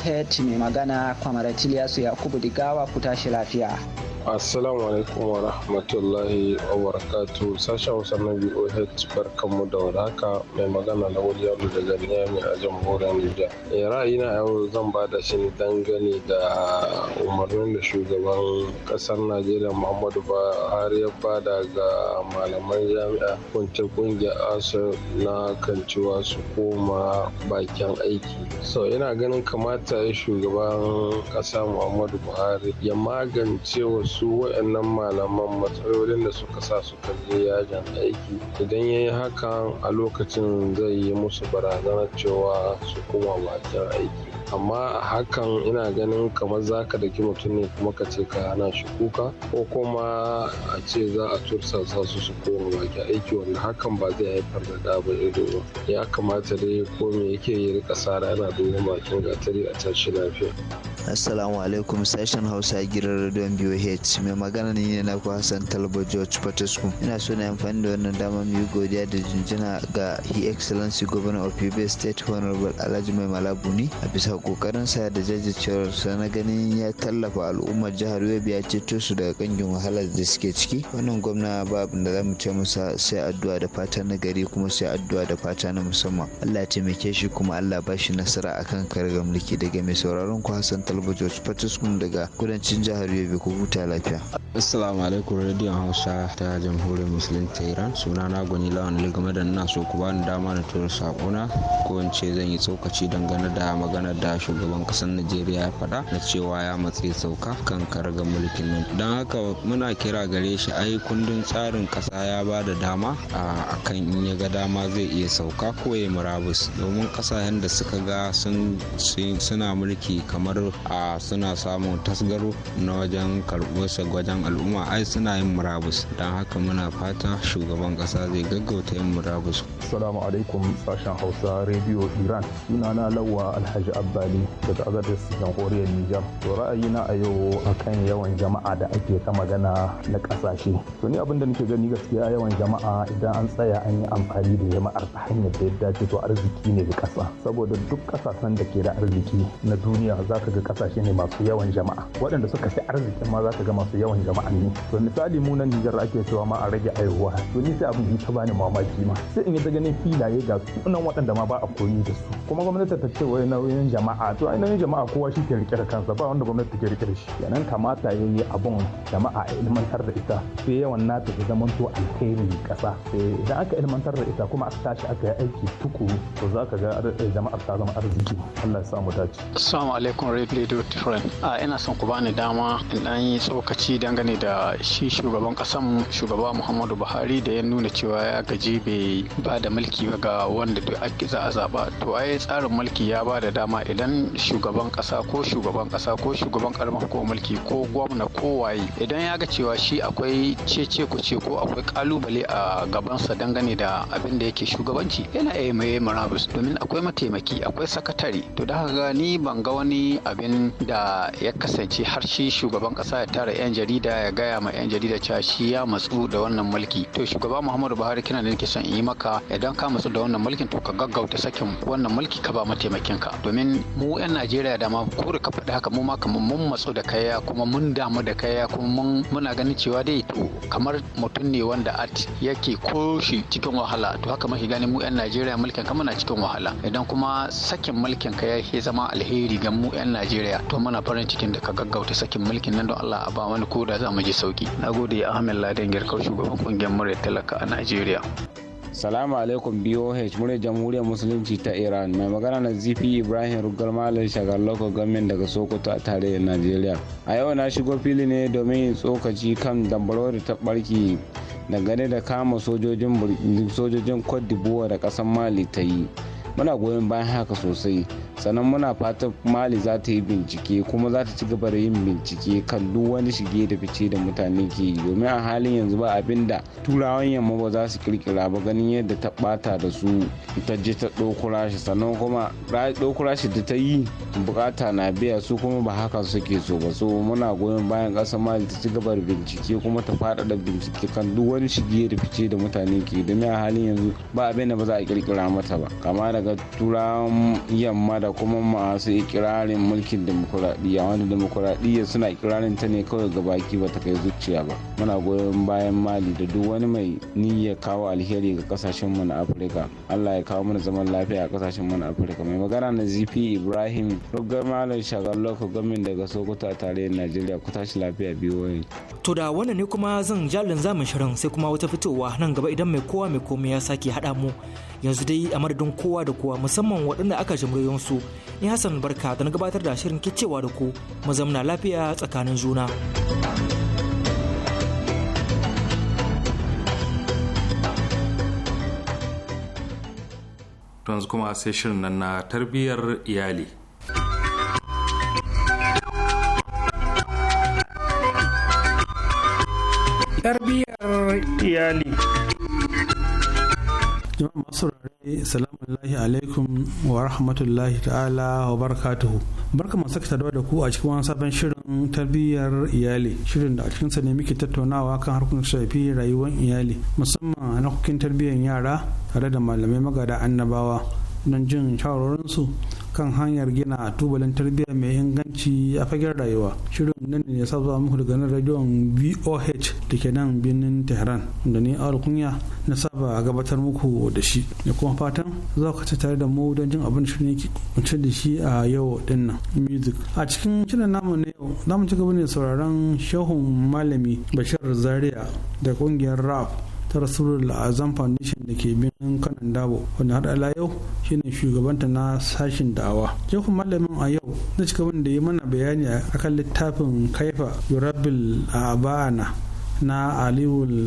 mai magana kwamar yakubu digawa ku tashi lafiya Assalamu alaikum wa rahmatullahi wa barakatu sashen Hausa na VOH barkanmu da haka mai magana na William daga Niamey a jamhuriyar Nijar. Eh ra'ayina yau zan ba da shi dangane da umarnin da shugaban kasar Najeriya Muhammadu Buhari ya bada ga malaman jami'a kunce kungiyar ASU na kan cewa su koma bakin aiki. So ina ganin kamata ya shugaban kasa Muhammadu Buhari ya magance wasu su waɗannan malaman matsalolin da suka sa su je yajin aiki idan ya yi hakan a lokacin zai yi musu barazanar cewa su koma bakin aiki amma a hakan ina ganin kamar za ka daki mutum ne kuma ka ce ka hana shi kuka ko kuma a ce za a tursasa su su koma baki aiki wanda hakan ba zai haifar da daba ido ba ya kamata dai ko me yake yi rika sara ana duban bakin gatari a tashi lafiya Assalamu alaikum sashen Hausa gidan rediyon BOH mai magana ne na ku Hassan Talba George Fortescue. Ina so na amfani da wannan dama mu yi godiya da jinjina ga His Excellency Governor of Yobe State Honorable Alhaji Mai Malabuni a bisa kokarin sa da jajircewarsa na ganin ya tallafa al'ummar jihar Yobe ya ceto su daga kangin wahalar da suke ciki. Wannan gwamna ba abin da za mu ce masa sai addu'a da fata na gari kuma sai addu'a da fata na musamman. Allah ya taimake shi kuma Allah ba shi nasara akan kargar mulki daga mai sauraron ku Hassan talabijos fatiskun daga kudancin jihar yobe ku huta lafiya assalamu alaikum radio hausa ta jamhuriyar musulun ta iran suna na gwani lawan ligama da na so ku ni dama na tura sakona ko in ce zan yi tsokaci dangane da maganar da shugaban kasar najeriya ya faɗa na cewa ya matse sauka kan karga mulkin nan don haka muna kira gare shi ai kundin tsarin kasa ya ba da dama a kan in ya ga dama zai iya sauka ko ya murabus domin ƙasashen da suka ga suna mulki kamar a suna samun tasgaro na wajen karɓarsa wajen al'umma ai suna yin murabus don haka muna fata shugaban ƙasa zai gaggauta yin murabus. Assalamu alaikum sashen Hausa Radio Iran sunana Lawwa Alhaji Abbali daga Agadez Jamhuriyar Nijar. To ra'ayina a yau akan yawan jama'a da ake ta magana na ƙasashe. To ni abin da nake gani gaskiya yawan jama'a idan an tsaya an yi amfani da jama'ar ta hanyar da ya dace to arziki ne ga ƙasa. Saboda duk ƙasashen da ke da arziki na duniya za ka ga kasashe ne masu yawan jama'a waɗanda suka fi arzikin ma za ka ga masu yawan jama'a ne to misali mu nan Nijar ake cewa ma a rage aihuwa to ni sai abin yi ta bani mamaki ma sai in yi ta ganin filaye ga nan waɗanda ma ba a koyi da su kuma gwamnati ta ce wai nauyin jama'a to ai nauyin jama'a kowa shi ke rike kansa ba wanda gwamnati ke rike shi kenan kamata ya yi abun jama'a a ilmantar da ita sai yawan nata ta zama to kasa ƙasa eh, idan aka ilmantar da ita kuma aka tashi aka yi aiki tukuru to za ka ga jama'ar ta zama arziki Allah ya sa mu dace assalamu alaikum Radio Different. A ina son ku bani dama in dan yi tsokaci dangane da shi shugaban kasan shugaba Muhammadu Buhari da ya nuna cewa ya gaji bai ba da mulki ba ga wanda da ake za a zaba. To ai tsarin mulki ya ba da dama idan shugaban kasa ko shugaban kasa ko shugaban karamar hukumar mulki ko gwamna ko waye idan ya ga cewa shi akwai cece ku ce ko akwai kalubale a gabansa dangane da abin da yake shugabanci yana iya mai murabus domin akwai mataimaki akwai sakatare to da haka ni ban ga wani abin da ya kasance har shi shugaban kasa ya tara 'yan jarida ya gaya ma 'yan jarida cewa shi ya matsu da wannan mulki to shugaba muhammadu buhari kina da nake son in yi maka idan ka matsu da wannan mulkin to ka gaggauta sakin wannan mulki ka ba mataimakin ka domin mu 'yan najeriya da ma da ka faɗi haka mu ma kamar mun matsu da kaya kuma mun damu da kaya kuma mun muna ganin cewa dai to kamar mutum ne wanda at yake koshi cikin wahala to haka mafi gani mu 'yan najeriya mulkin ka muna cikin wahala idan kuma sakin mulkin ka ya zama alheri ga mu 'yan najeriya najeriya to muna farin cikin da ka gaggauta sakin mulkin nan don allah a ba wani koda za mu ji sauki na gode ahmed laden girkar shugaban kungiyar murya talaka a najeriya Salamu alaikum BOH murya jamhuriyar musulunci ta Iran mai magana na ZP Ibrahim Rugar Malam Shagar local government daga Sokoto a tarayyar Najeriya. A yau na shigo fili ne domin yin tsokaci kan dambarwar ta barki dangane da kama sojojin sojojin Cote d'Ivoire da kasar Mali ta yi. muna goyon bayan haka sosai sannan muna fata mali za ta yi bincike kuma za ta ci gaba da yin bincike kan duk wani shige da fice da mutane ke yi domin a halin yanzu ba abin da turawan yamma ba za su kirkira ba ganin yadda ta bata da su ta je ta ɗaukura shi sannan kuma ɗaukura shi da ta yi bukata na biya su kuma ba haka suke so ba so muna goyon bayan ƙasar mali ta ci gaba da bincike kuma ta faɗaɗa bincike kan duk wani shige da fice da mutane ke yi domin a halin yanzu ba abin da ba za a kirkira mata ba kama daga daga turawan yamma da kuma masu ikirarin mulkin demokuraɗiyya wanda demokuraɗiyya suna ikirarin ta ne kawai ga baki ba ta kai zuciya ba muna goyon bayan mali da duk wani mai niyyar kawo alheri ga kasashen mu na afirka allah ya kawo mana zaman lafiya a kasashen mu na afirka mai magana na zp ibrahim rugar malam shagar loko gamin daga sokoto a tarayyar najeriya ku tashi lafiya biyu wani. to da wannan ne kuma zan jalin zamu shirin sai kuma wata fitowa nan gaba idan mai kowa mai komai ya sake haɗa mu yanzu dai a madadin kowa da kowa musamman waɗanda aka jimriyon su ni hassan barka da na gabatar da shirin kicewa da ku mu zamna lafiya tsakanin juna yanzu kuma sai shirin nan na tarbiyyar iyali tarbiyyar iyali jama'a masu rare salamullahi alaikum wa rahmatullahi ta'ala wa barakatuhu barka masu saka saduwa da ku a cikin wani sabon shirin tarbiyyar iyali shirin da a cikin sa ne muke tattaunawa kan harkokin shafi rayuwar iyali musamman na hukin tarbiyyar yara tare da malamai magada annabawa don jin shawarorinsu su kan hanyar gina tubalin tarbiyya mai inganci a fagen rayuwa shirin nan ne ya zuwa muku daga nan rediyon B.O.H da ke nan birnin tehran da ni awal kunya na saba gabatar muku da shi da kuma fatan za ku ci tare da mu don jin abin shirin yake kunce da shi a yau din nan music a cikin shirin namu na yau za mu ci gaba ne sauraron shehun malami bashir zaria da kungiyar rap ta rasulul azam foundation da ke birnin kanan dabo wanda har ala yau shine shugabanta na sashin da'awa jefu malamin a yau na cika da ya mana bayani a kan littafin kaifa yurabil abana na aliwul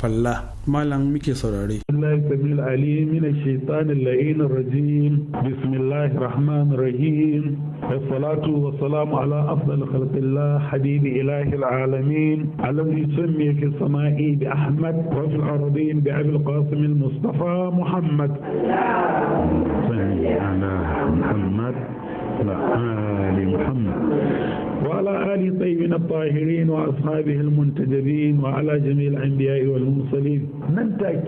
falla ما لن ميكي صراري الله السميع العليم من الشيطان اللعين الرجيم بسم الله الرحمن الرحيم الصلاة والسلام على أفضل خلق الله حبيب إله العالمين الذي سمي في السماء بأحمد وفي الأرضين بأبي القاسم المصطفى محمد صلى على محمد وعلى آل محمد وعلى آل طيبنا الطاهرين وأصحابه المنتجبين وعلى جميع الأنبياء والمرسلين nan take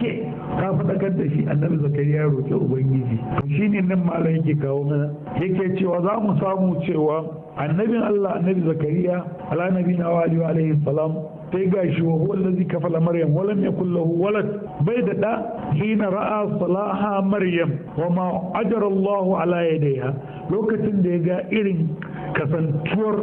ka faɗakar da shi annabi zakariya ya roƙi ubangiji shi ne nan malam yake kawo mana yake cewa za mu samu cewa annabin allah annabi zakariya ala nabi na wa alaihi salam sai ga shi wa huwa allazi kafala maryam wa lam yakul lahu walad bai da da hina ra'a salaha maryam wa ma ajara allah ala yadayha lokacin da ya ga irin kasantuwar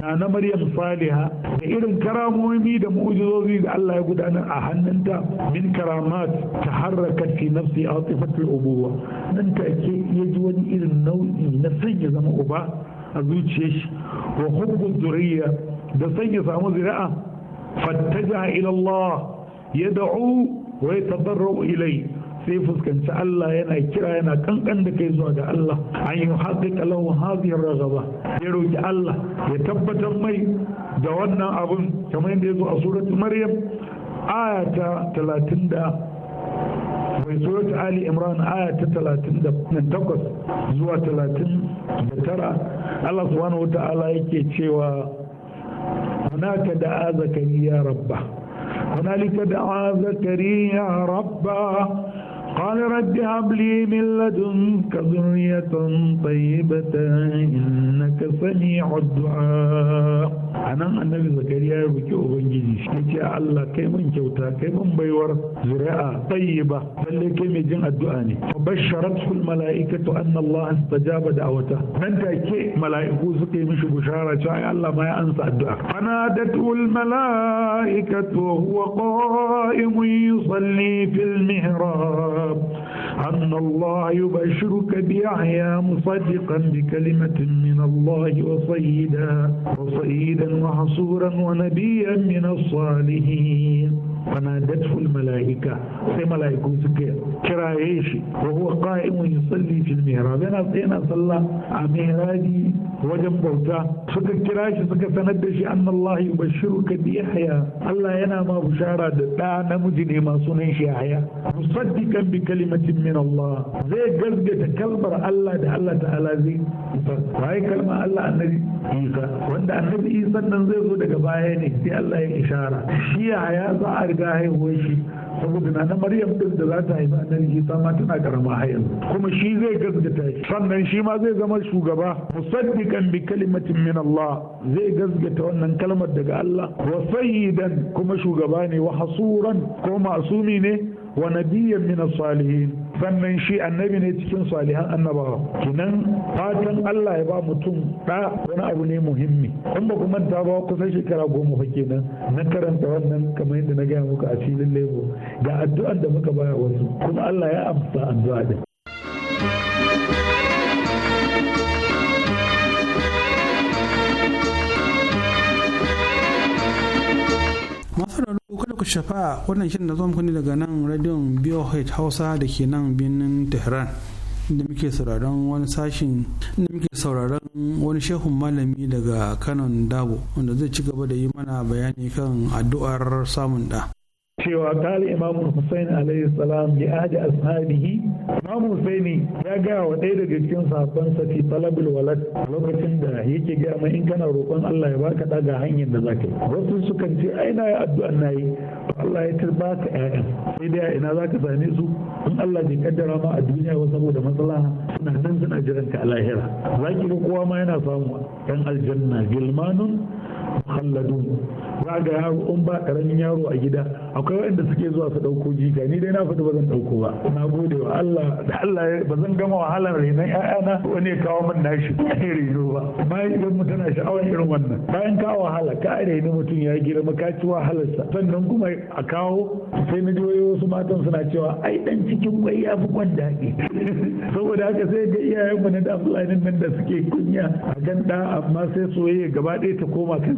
na na maryam saliha da irin karamomi da mu'ujizozi da Allah ya gudanar a hannunta min karamat ta harrakat fi nafsi a tsifatul ubuwa nan take ya ji wani irin nau'i na sanya zama uba a zuciyar shi wa hubbun zuriya da sanya samu zira'a fattaja ila Allah ya da'u wa ya ilai sai fuskanci Allah yana kira yana kankan da kai zuwa ga Allah an yi haƙiƙa lahu hadhihi ragaba ya roki Allah ya tabbatar mai da wannan abun kamar yadda ya zo a suratul maryam aya ta talatin da mai suratul ali imran aya ta 38 zuwa 39 Allah subhanahu wataala yake cewa hunaka da zakariya rabba hunalika da zakariya rabba قال رب هب لي من لدنك ذرية طيبة إنك سميع الدعاء أنا النبي زكريا بكي أبنجي شكي الله كي من جوتا كي من بيور زراء طيبة بل كي من جمع الدعاء فبشرته الملائكة أن الله استجاب دعوته من تأكي ملائكو سكي مش بشارة شاي الله ما ينسى الدعاء فنادته الملائكة وهو قائم يصلي في المهراب الكتاب أن الله يبشرك بيحيى مصدقا بكلمة من الله وصيدا وصيدا وحصورا ونبيا من الصالحين fanadatful mala'ika sai mala'iku suka kiraye shi wa huwa qa'imun yusalli fil mihrab yana yana sallah a mihrabi wajen bauta suka kira shi suka sanar da shi annallahi yubashshiruka bi yahya Allah yana ma bushara da ɗa namiji ne masu sunan shi yahya musaddiqan bi kalimatin min Allah zai gaskata kalmar Allah da Allah ta'ala zai wai kalmar Allah annabi Isa wanda annabi Isa nan zai zo daga baya ne sai Allah ya ishara shi yahya za a riga haihuwar shi saboda na na maryam din da za ta haifi annabi isa ma tana karama hayan kuma shi zai gaskata shi sannan shi ma zai zama shugaba musaddiqan bi kalimatin min Allah zai gaskata wannan kalmar daga Allah wa sayyidan kuma shugaba ne wa hasuran ko masumi ne wa nabiyyan min salihin sannan shi annabi ne cikin salihan annabawa kinan fatan Allah ya ba mutum da wani abu ne muhimmi kun ba kuma ta ba kusan shekara goma fa kenan na karanta wannan kamar yadda na gaya muku a filin lebo ga addu'ar da muka baya wasu kuma Allah ya amsa addu'a din masu raro kada ku shafa wannan shirin da zuwa ne daga nan rediyon BOH Hausa da ke nan birnin Tehran inda muke sauraron wani sashin inda muke sauraron wani shehun malami daga kanon dabo wanda zai ci gaba da yi mana bayani kan addu'ar samun da cewa kala imam Hussein alaihi salam li ahdi ashabihi imam Hussein ya ga wa ɗaya daga cikin safan fi talabul walad lokacin da yake ga mai in kana roƙon Allah ya baka daga hanyar da zaka yi wasu sukan ce ai na yi addu'a na yi Allah ya tarba ka ƴaƴan sai dai ina zaka same su in Allah bai kaddara ma a duniya ba saboda maslaha suna nan suna jiran ka a lahira zaki ga kowa ma yana samu Yan aljanna gilmanun mukhalladun za ga yaro in ba karamin yaro a gida akwai akwai wanda suke zuwa su ɗauko jika ni dai na faɗi ba zan ɗauko ba na gode wa Allah da Allah ba zan gama wahalar renon ƴaƴana wani ya kawo min nashi reno ba amma idan mu tana sha'awar irin wannan bayan ka wahala ka reni mutum ya girma ka ci wahalarsa sannan kuma a kawo sai na ji wasu matan suna cewa ai dan cikin kwai ya fi kwan daɗi saboda haka sai ga iyayenmu na da fulanin nan da suke kunya a gan ɗa amma sai soyayya gaba ɗaya ta koma kan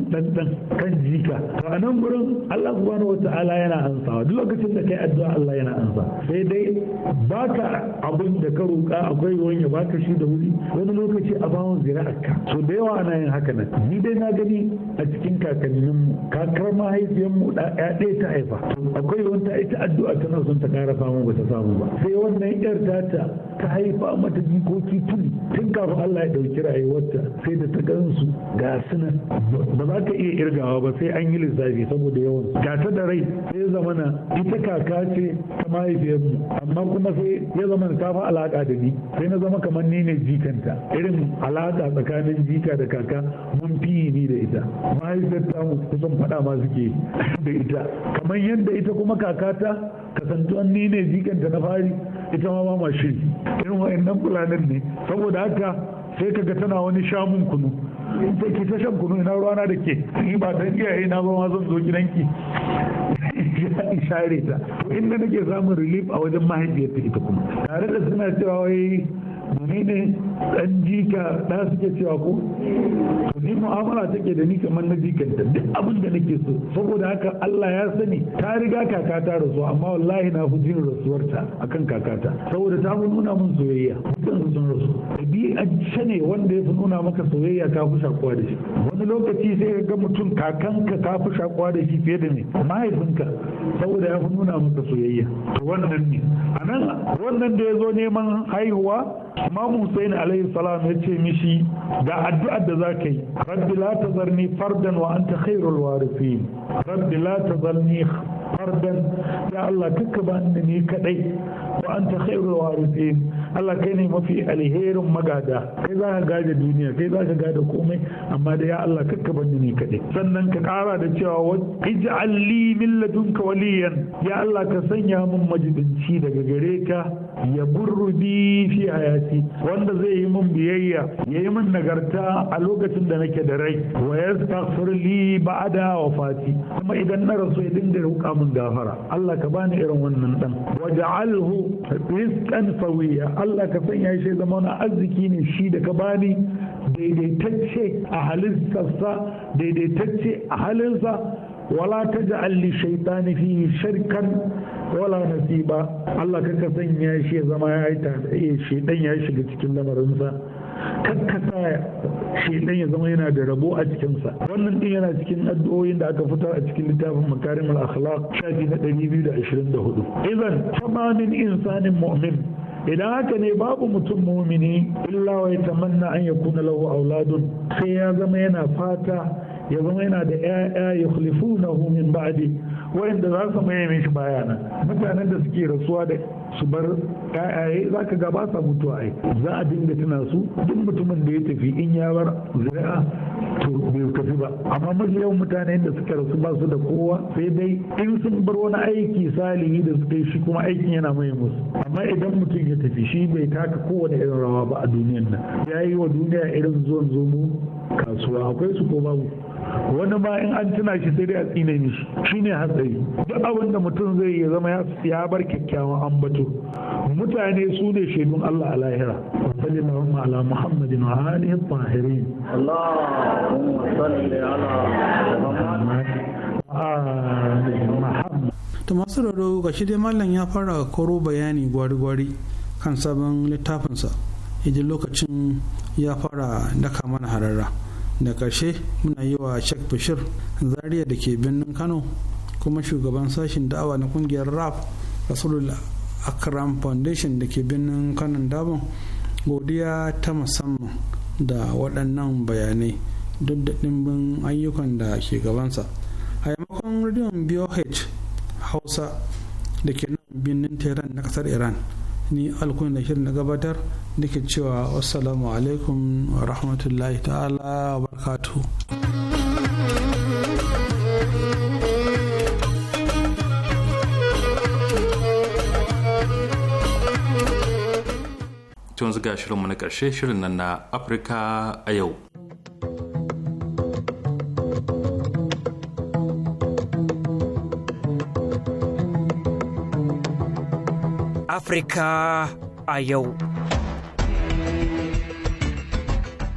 kan jika to a nan gurin Allah subhanahu wa ta'ala yana yana ansawa duk lokacin da kai addu'a Allah yana ansa sai dai baka abin da ka roƙa akwai ruwan ya baka shi da wuri wani lokaci a bawon zira'arka to da yawa ana yin haka nan ni dai na gani a cikin kakannin mu kakar mahaifiyar mu da ɗaya ta haifa akwai wanta ita addu'a tana son ta ƙara samu ba ta samu ba sai wannan yar ta ta haifa mata jikoki tun tun kafin Allah ya ɗauki rayuwarta sai da ta gansu ga sunan ba za ka iya irgawa ba sai an yi lissafi saboda yawan gata da rai sai ya zamana ita kaka ce ta mahaifiyarmu amma kuma sai ya zama ta fa alaka da ni sai na zama kamar ni ne jikanta irin alaka tsakanin jika da kaka mun fi ni da ita mahaifiyar ta kusan faɗa ma suke da ita kamar yadda ita kuma kakata kasantuwan ni ne jikanta na fari ita ma ba ma shiri irin wa'annan fulanin ne saboda haka sai kaga tana wani shamun kunu ke ta shan kunu na ruwana da ke ni ba dan iyaye na ba ma zan zo gidanki in share ta inda nake samun relief a wajen ta ita kuma tare da suna cewa wai ne dan jika da suke cewa ko to ni mu'amala take da ni kamar na jikan ta duk abin da nake so saboda haka Allah ya sani ta riga kakata rasu amma wallahi na fi jin rasuwarta akan kakata saboda ta fi nuna mun soyayya dukkan sun rasu a ne wanda ya fi nuna maka soyayya ka fi shakuwa da shi wani lokaci sai ga mutum kakanka ka fi shakuwa da shi fiye da ne mahaifinka saboda ya fi nuna maka soyayya to wannan ne a nan wannan da ya zo neman haihuwa Amma Hussein alaihi salam ya ce mishi ga addu'ar da za ka yi rabbi la ta tazarni fardan wa anta khairul warithin rabbi la ta tazarni fardan ya Allah kakka ba ni ne kadai wa anta khairul warithin Allah kai ne mafi alherin magada kai za ka gada duniya kai za ka gada komai amma da ya Allah kakka ba ni ne kadai sannan ka kara da cewa ij'al li min ladunka waliyan ya Allah ka sanya min majibinci daga gare ka ya bi fi hayati wanda zai yi min biyayya ya yi min nagarta a lokacin da nake da rai wa yastaghfir li wa wafati kuma idan na rasu ya dinga ruka min gafara Allah ka bani irin wannan dan waj'alhu rizqan sawiya Allah ka sanya shi zama na arziki ne shi da ka bani daidaitacce a halittarsa daidaitacce a halinsa wala taj'al li shaytani fihi shirkan wala nasiba Allah kaka sanya shi ya zama ya aita shedan ya shiga cikin lamarinsa kakkasa Dan ya zama yana da rabo a cikinsa wannan din yana cikin addu'o'in da aka fitar a cikin littafin makarim al-akhlaq shafi na 224 idan tamamin insanin mu'min idan haka ne babu mutum mumini illa wa yatamanna an yakuna lahu auladun sai ya zama yana fata ya zama yana da ya ƴaƴa na min ba'di wa'inda za su maye mishi bayana mutanen da suke rasuwa da su bar ƴaƴaye za ka ga ba sa mutuwa ai za a dinga tuna su duk mutumin da ya tafi in ya bar zuri'a to bai tafi ba amma mafi yawan mutanen da suka rasu ba su da kowa sai dai in sun bar wani aiki salihi da suka yi shi kuma aikin yana mai musu amma idan mutum ya tafi shi bai taka kowane irin rawa ba a duniyan nan ya yi wa duniya irin zuwan zomo kasuwa akwai su ko babu wani ma in an tuna shi sai dai a tsine mishi ne hatsari duk abin da mutum zai ya zama ya bar kyakkyawan ambato mutane su ne shaidun Allah a lahira salli Allahumma ala Muhammadin wa alihi tahirin Allahumma salli ala Muhammad ga shi dai mallam ya fara koro bayani gwari-gwari kan sabon littafinsa idan lokacin ya fara daka mana hararra. da ƙarshe muna yi wa shek bashir zaria da ke birnin kano kuma shugaban sashen da'awa na kungiyar rap rasulul akram foundation da ke birnin kano dabon godiya ta musamman da waɗannan bayanai duk da ɗimbin ayyukan da ke gabansa a yamakon rediyon boh hausa da ke nan birnin tehran na ƙasar iran ni alkun da shirin na gabatar nake cewa wassalamu alaikum wa rahmatullahi ta'ala wa barkatu tun zuga shirinmu na ƙarshe shirin nan na afirka a yau Afrika a yau.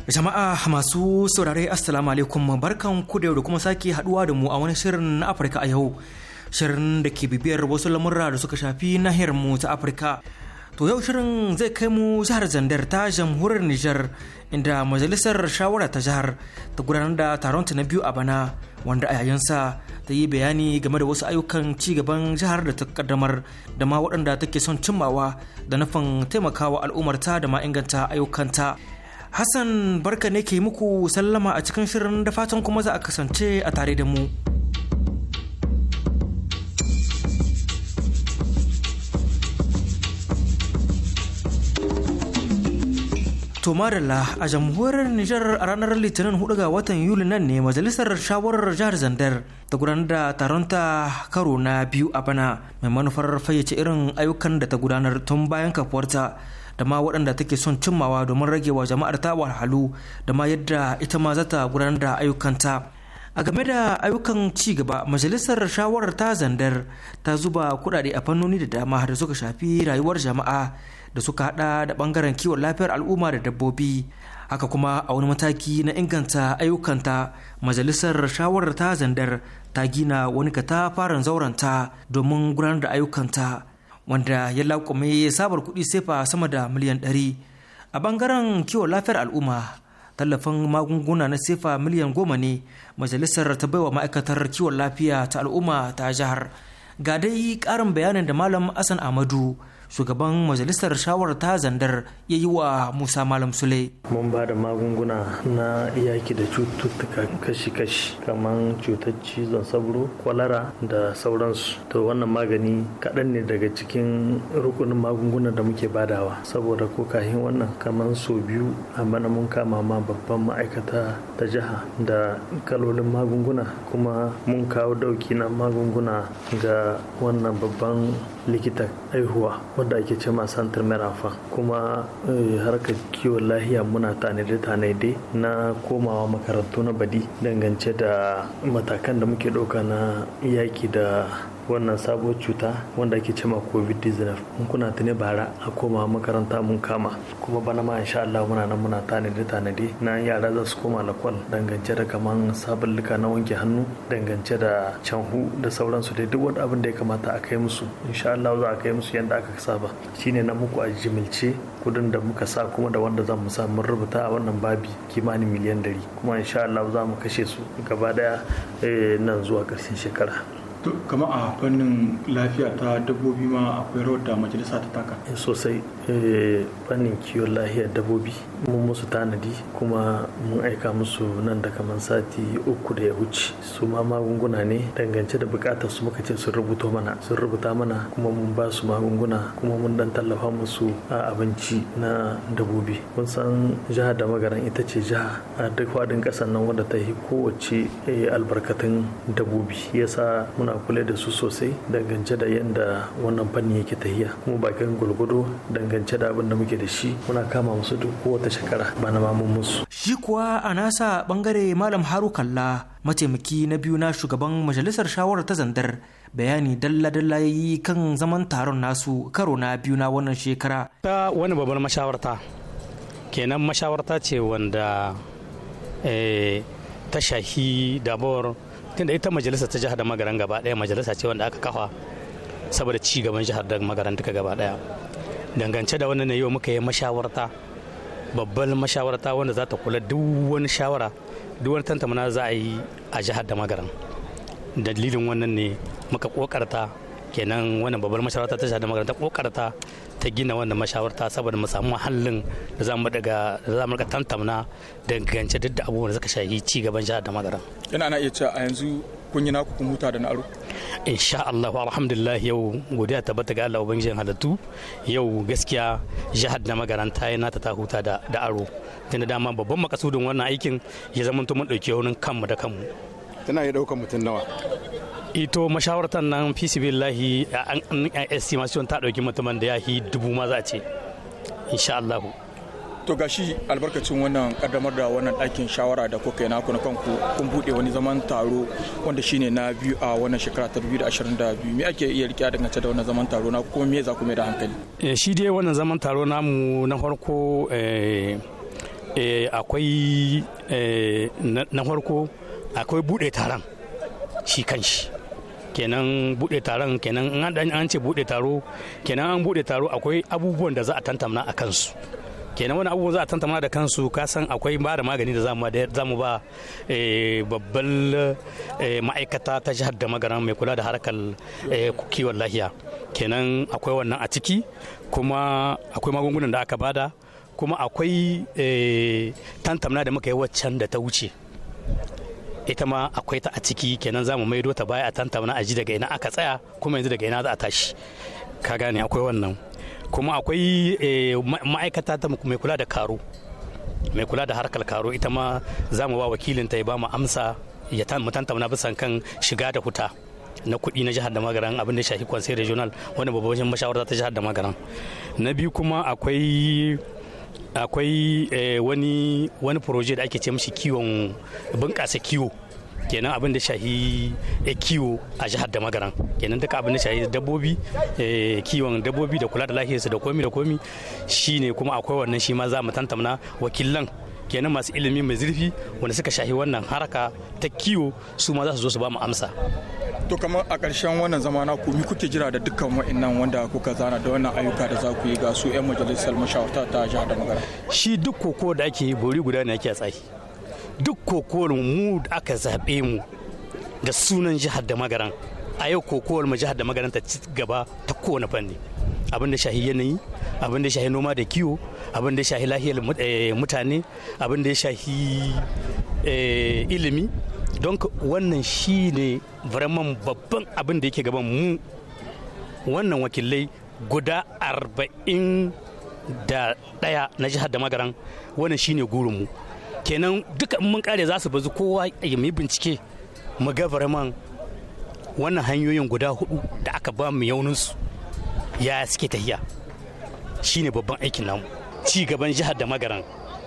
Jama'a masu saurare Assalamu alaikum barkan ku da kuma sake haduwa da mu a wani shirin na Afirka a yau. Shirin da ke bibiyar wasu lamurra da suka shafi nahiyar mu ta Afirka. To yau shirin zai kai mu jihar Zandar ta jamhuriyar Nijar inda majalisar shawara ta jihar ta gudanar da taron ta na biyu a bana wanda a yayin ta yi bayani game da wasu ayyukan ci gaban jihar da ta kaddamar da ma waɗanda take son cimmawa da nufin taimakawa al'ummarta da ma inganta ayyukanta hassan barka ne ke muku sallama a cikin shirin da fatan kuma za a kasance a tare da mu. To Marilla a jamhuriyar Nijar a ranar Litinin 4 ga watan Yuli nan ne majalisar shawarar jihar Zandar ta gudanar da taronta karo na biyu a bana mai manufar fayyace irin ayyukan da ta gudanar tun bayan kafuwarta da ma waɗanda take son cimmawa domin rage wa jama'ar ta wahalhalu da ma yadda ita ma za ta gudanar da ayyukanta. a game da ayyukan ci gaba majalisar shawarar ta zandar ta zuba kuɗaɗe a fannoni da dama da suka shafi rayuwar jama'a da suka hada da bangaren kiwon lafiyar al'umma da dabbobi haka kuma a wani mataki na inganta ayyukanta majalisar shawarar ta zandar ta gina wani ka ta katafaren zauranta domin gudanar da ayyukanta wanda ya laƙume sabar kuɗi sefa sama da miliyan ɗari a bangaren kiwon lafiyar al'umma tallafin magunguna na sefa miliyan goma ne majalisar ta baiwa ma'aikatar kiwon lafiya ta al'umma ta jihar ga dai ƙarin bayanin da malam asan amadu shugaban majalisar shawar ta zandar ya yi wa musa malam sule mun ba da magunguna na yaki da cututtuka kashi-kashi kamar cutar cizon sabro kwalara da sauransu to wannan magani kaɗan ne daga cikin rukunin magunguna da muke badawa saboda ko kahin wannan kamar so biyu a mana mun kama ma babban ma'aikata ta jiha da kalolin magunguna kuma mun kawo dauki na magunguna ga wannan babban likita aihuwa wanda ake ce ma santar marafa kuma eh, harkar kiwon lahiya muna tanade-tanade na komawa makarantu na badi dangance da matakan da muke ɗauka na yaki da wannan sabuwar cuta wanda ake cema covid-19 in kuna ne bara a koma makaranta mun kama kuma bana ma insha Allah muna nan muna tanade tanade na yara za su koma lakwal dangance da kaman sabulluka na wanke hannu dangance da canhu da sauransu dai duk wani abin da ya kamata a kai musu insha Allah za a kai musu yadda aka saba shine na muku a jimilce kudin da muka sa kuma da wanda za mu sa mun rubuta a wannan babi kimanin miliyan dari kuma insha Allah za mu kashe su gaba daya eh, nan zuwa ƙarshen shekara kama a fannin lafiya ta dabbobi ma akwai rawar da majalisa ta taka eh, sosai eh, fannin kiwon lafiyar dabbobi mun musu tanadi kuma mun aika musu nan da kamar sati uku da ya wuce su ma magunguna ne dangance da bukatar su muka ce sun rubuto mana sun rubuta mana kuma mun ba su magunguna kuma mun dan tallafa musu a abinci na dabbobi mun san jihar da magaran ita ce jiha a duk faɗin ƙasar nan wadda ta yi kowace eh, albarkatun dabbobi yasa muna kula da su sosai dangance da yadda wannan fanni yake tahiya kuma bakin gulgudu dangance da abin da muke da shi muna kama musu duk kowace shekara ba na mamun musu. Shi kuwa a nasa bangare Malam Haru Kalla mataimaki na biyu na shugaban majalisar shawarar ta zandar bayani dalla-dalla yi kan zaman taron nasu karo na biyu na wannan shekara. Ta wani babbar mashawarta kenan mashawarta ce wanda eh, ta shahi dabor tunda ita majalisa ta jihar da magaran gaba daya majalisa ce wanda aka kafa saboda ci gaban jihar da magaran duka gaba daya dangance da wannan ne yau muka yi mashawarta babbal mashawarta wanda za ta kula duk wani shawara duk wani tantamana za a yi a jihar da magaran dalilin wannan ne muka kokarta kenan wannan babbar mashawarta ta jihar da magaran ta kokarta ta gina wannan mashawarta saboda mu samu hallin da za mu daga da za mu daga tantamna dangance duk da abubuwan da suka shafi ci gaban jihar da madara ina ana iya cewa a yanzu kun yi naku kun huta da na aro insha Allah alhamdulillah yau godiya tabbata ga Allah ubangijin halittu yau gaskiya jihar da magaranta yana ta huta da da aro tunda dama babban makasudin wannan aikin ya zama mun dauke wurin kanmu da kanmu tana iya daukar mutum nawa ito mashawartar nan fisibillahi an estimation ta dauki mutumin da ya yi dubu ma za ce insha Allah to gashi albarkacin wannan kaddamar da wannan ɗakin shawara da kuka yi naku na kanku kun buɗe wani zaman taro wanda shine na biyu a wannan shekara ta 2022 me ake iya rike dangance da wannan zaman taro na kuma me za ku mai da hankali eh, shi dai wannan zaman taro namu na farko eh, eh, akwai na farko akwai buɗe taron shi kanshi kenan bude taron kenan an ce bude taro kenan an bude taro akwai abubuwan da za a tantamna a kansu kenan wani abubuwan za a tantamna da kansu ka san akwai ba da magani da za mu ba eh, babban eh, ma'aikata ta jihar da magana mai kula da harkar eh, kiwon lahiya kenan akwai wannan a ciki kuma akwai magungunan da aka bada kuma akwai tantamna da muka yi waccan da ta wuce ita ma akwai ta a ciki kenan zamu maido ta baya a tantamana aji daga ina aka tsaya kuma yanzu daga ina za a tashi ka gane akwai wannan kuma akwai eh, ma'aikata ta mai kula da karo mai kula da harkar karo ita ma za mu ba wakilin ta ya ba mu amsa ya mu tantamana bisan kan shiga da huta na kuɗi na jihar da magaran abin da shafi conseil regional wani babban mashawarta ta jihar da magaran na biyu kuma akwai akwai eh, wani wani proje da ake ce mishi kiwon bunƙasa kiwo kenan abin da shahi eh, kiwo a jihar da magaran kenan duka abin da shahi dabbobi eh, kiwon dabbobi da kula da lafiyarsu da komi da komi shine kuma akwai wannan shi ma za mu tantamna wakilan kenan masu ilimi mai zurfi wanda suka shahi wannan haraka ta kiwo su ma za su zo su ba mu amsa to kamar a ƙarshen wannan zama na ku kuke jira da dukkan wa'annan wanda kuka zana da wannan ayyuka da za ku yi ga su 'yan majalisar mashawarta ta jihar da magana shi duk koko da ake yi bori guda ne ake tsaki duk koko mu da aka zaɓe mu da sunan jihar da magaran a yau kokowar mu jihar da magaranta ci gaba ta kowane fanni abin da shahi yanayi abin da shahi noma da kiwo abin da shahi lahiyar eh, mutane abin da shahi eh, ilimi don wannan shi ne vraiment babban abin da yake gaban mu wannan wakilai guda arba'in da ɗaya na jihar da magaran wannan shi shine mu kenan duka mun kare za su bazu kowa ya yi bincike mu ga vraiment wannan hanyoyin guda hudu da aka ba mu yauninsu ya suke tahiya shine babban aikin namu ci gaban jihar da magaran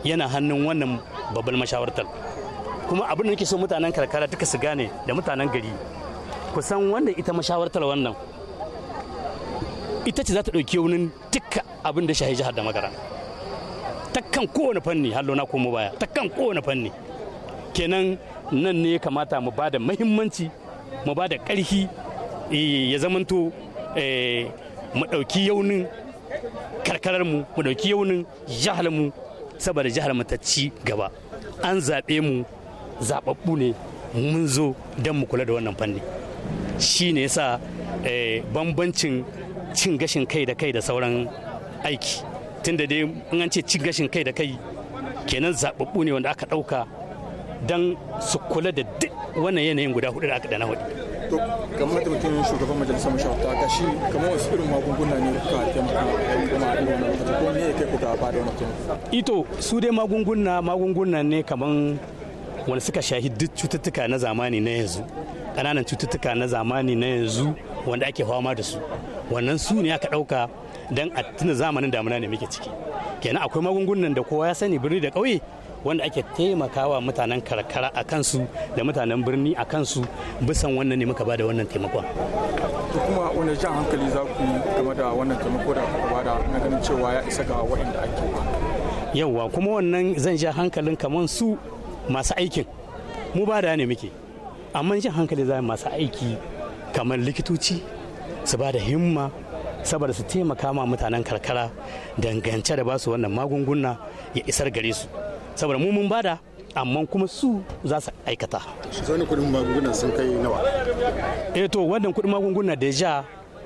yana hannun wannan babban mashawartar kuma abin da nake so mutanen karkara duka su gane da mutanen gari kusan wanda ita mashawartar wannan ita ce za ta ɗauki wunin duka abin da shahi jihar da magaran kan kowane fanni hallo na komo baya Ta kan kowane fanni kenan nan ne ya kamata mu ba da muhimmanci mu ba da ƙarfi eh, ya zamanto eh, mu ɗauki yaunin karkararmu mu ɗauki yaunin jiharmu saboda jihar mu ta ci gaba an zaɓe mu zaɓaɓɓu ne mun zo don mu kula da wannan fanni shi ne yasa eh, bambancin cin gashin kai da kai da sauran aiki tunda dai in an ce cin gashin kai da kai kenan zaɓaɓɓu ne wanda aka ɗauka don su kula da duk wannan yanayin guda hudu da aka dana hudu. To kamar da mutum shugaban majalisar mashawarta ga shi kamar wasu irin magunguna ne kuka taimaka kuma a irin lokaci ko ne ya kai kuka ba da wani taimako. Ito su dai magunguna magunguna ne kamar wani suka shahi duk cututtuka na zamani na yanzu ƙananan cututtuka na zamani na yanzu wanda ake fama da su wannan su ne aka ɗauka don a tuna zamanin damuna ne muke ciki kenan akwai magungunan da kowa ya sani birni da ƙauye wanda ake taimakawa mutanen karkara a kansu da mutanen birni a kansu bisan wannan ne muka bada wannan taimakon kuma wani jan hankali za ku game da wannan taimako da kuka bada na ganin cewa ya isa ga waɗanda ake yauwa kuma wannan zan ja hankalin kamar su masu aikin mu ba da ne muke amma jan hankali za masu aiki kamar likitoci su ba da himma saboda su taimaka ma mutanen karkara dangance da ba su wannan magunguna ya isar gare su saboda mu mun bada amma kuma su za su aikata. Zani kudin magunguna sun kai nawa? Eh to wannan kuɗin magunguna deja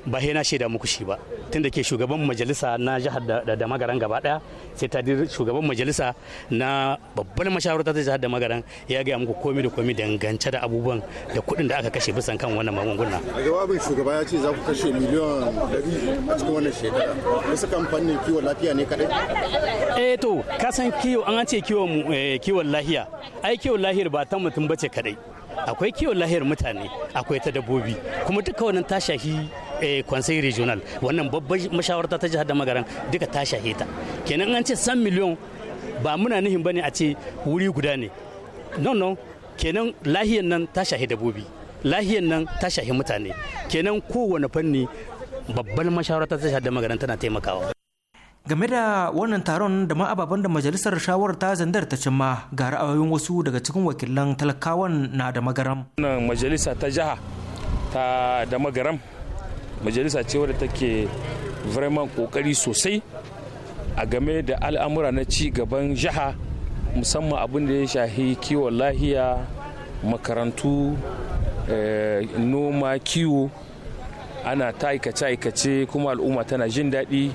ba na shaida muku shi ba da ke shugaban majalisa na jihar da magaran gaba daya sai ta shugaban majalisa na babban mashawarta ta jihar da magaran ya gaya muku komi da komi dangance da abubuwan da kuɗin da aka kashe bisan kan wannan magunguna a jawabin shugaba ya ce za ku kashe miliyan 100 a cikin wannan shekara wasu kamfanin kiwon lafiya ne kadai eh to ka san kiwo an ce kiwon eh, kiwon lahiya ai kiwon lahiyar ba ta mutum bace kadai akwai kiwon lahiyar mutane akwai ta dabbobi kuma duka wannan ta shahi kwansai eh, regional wannan babban mashawarta ta jihar da magaran duka ta shahe ta kenan an ce san miliyon ba muna nihin ne a ce wuri guda ne non non kenan lahiyan nan ta shahe dabobi lahiyan nan ta shahe mutane kenan kowane fanni babban mashawarta ta da magaran tana taimakawa game da wannan taron da ma ababen da majalisar shawarar ta zandar ta cimma ga ra'ayoyin wasu daga cikin wakilan talakawan na da magaram. wannan majalisa ta jiha ta da magaram majalisa ce wadda take vraiment kokari sosai a game da al'amura na ci gaban jiha musamman abin da ya shahi kiwon lahiya makarantu eh, noma kiwo ana ta aikace-aikace kuma al'umma tana jin daɗi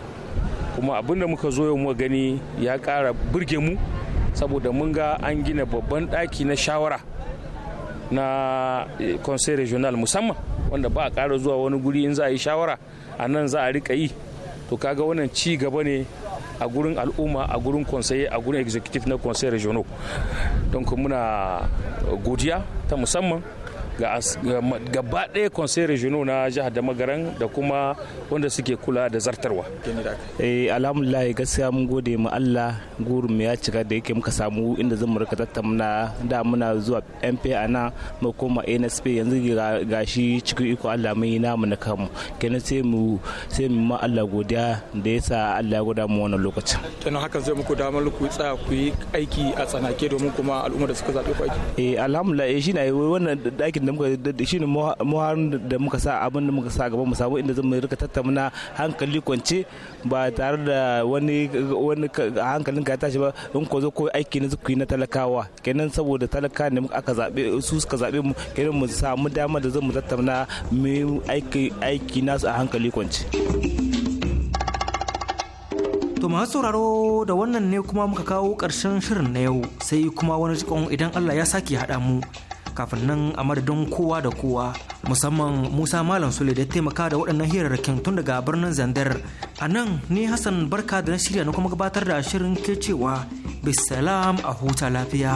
kuma abin da muka zo yau gani ya ƙara burge mu saboda mun ga an gina babban ɗaki na shawara na eh, conseil regional musamman wanda ba a ƙara zuwa wani guri in za a yi shawara a nan za a rika yi to kaga wannan ci gaba ne a gurin al'umma a gurin conseil a gurin executive na conseil regional don muna godiya ta musamman gaba ɗaya conseil regional na jihar da magaran da kuma wanda suke kula da zartarwa eh alhamdulillah gaskiya mun gode mu Allah gurin mu ya cika da yake muka samu inda zan rika tattauna da muna zuwa MPA ana mu koma NSP yanzu gashi cikin iko Allah mun yi mu na kanmu kenan sai mu sai mu ma Allah godiya da yasa Allah ya goda mu wannan lokacin to hakan zai muku damar ku tsaya ku yi aiki a tsanake domin kuma al'umma da suka zaɓe ku aiki eh alhamdulillah eh shi na wannan dakin da muka shi ne muharin da muka sa abin da muka sa gaba mu samu inda zamu rika tattauna hankali kwance ba tare da wani wani hankalin ka tashi ba in ko zo ko aiki na zuku na talakawa kenan saboda talaka ne aka zabe su suka zabe mu kenan mu samu dama da zamu tattauna mu aiki aiki nasu a hankali kwance. To masu sauraro da wannan ne kuma muka kawo ƙarshen shirin na yau sai kuma wani jikon idan Allah ya sake haɗa mu kafin nan a madadin kowa da kowa musamman Musa Malam Sule da taimaka da waɗannan hirarrakin tun daga birnin Zandar. A nan ni Hassan Barka da na shirya na kuma gabatar da shirin ke cewa bisalam a huta lafiya.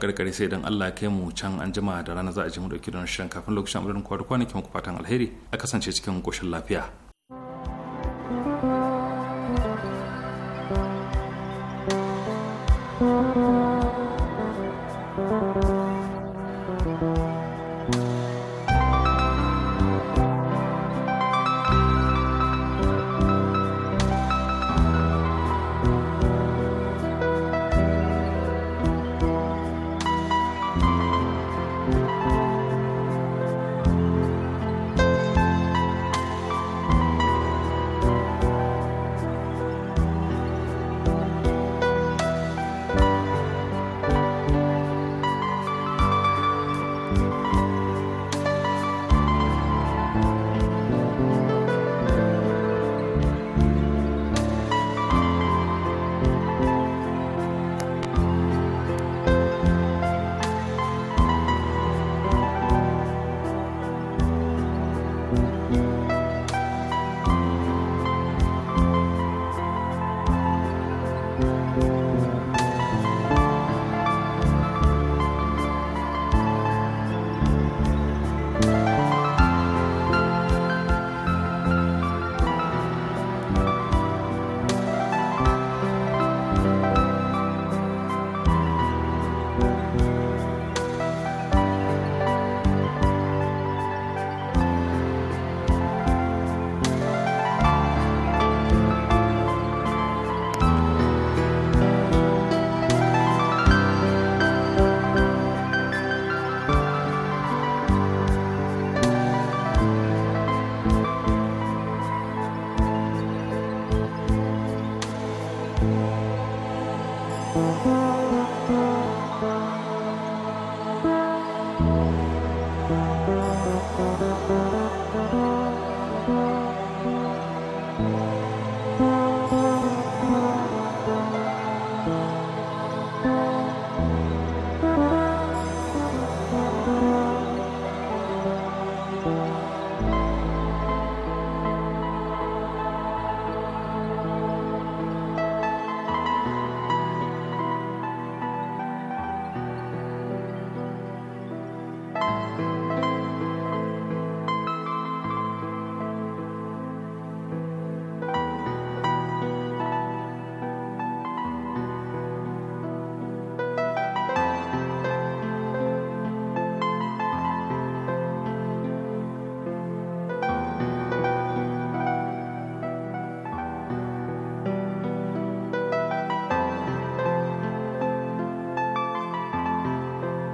karkare sai idan Allah kai mu can an jima da rana za a ji mu dauki don shirin kafin lokacin amurin kwanaki kwanakin ku fatan alheri a kasance cikin koshin lafiya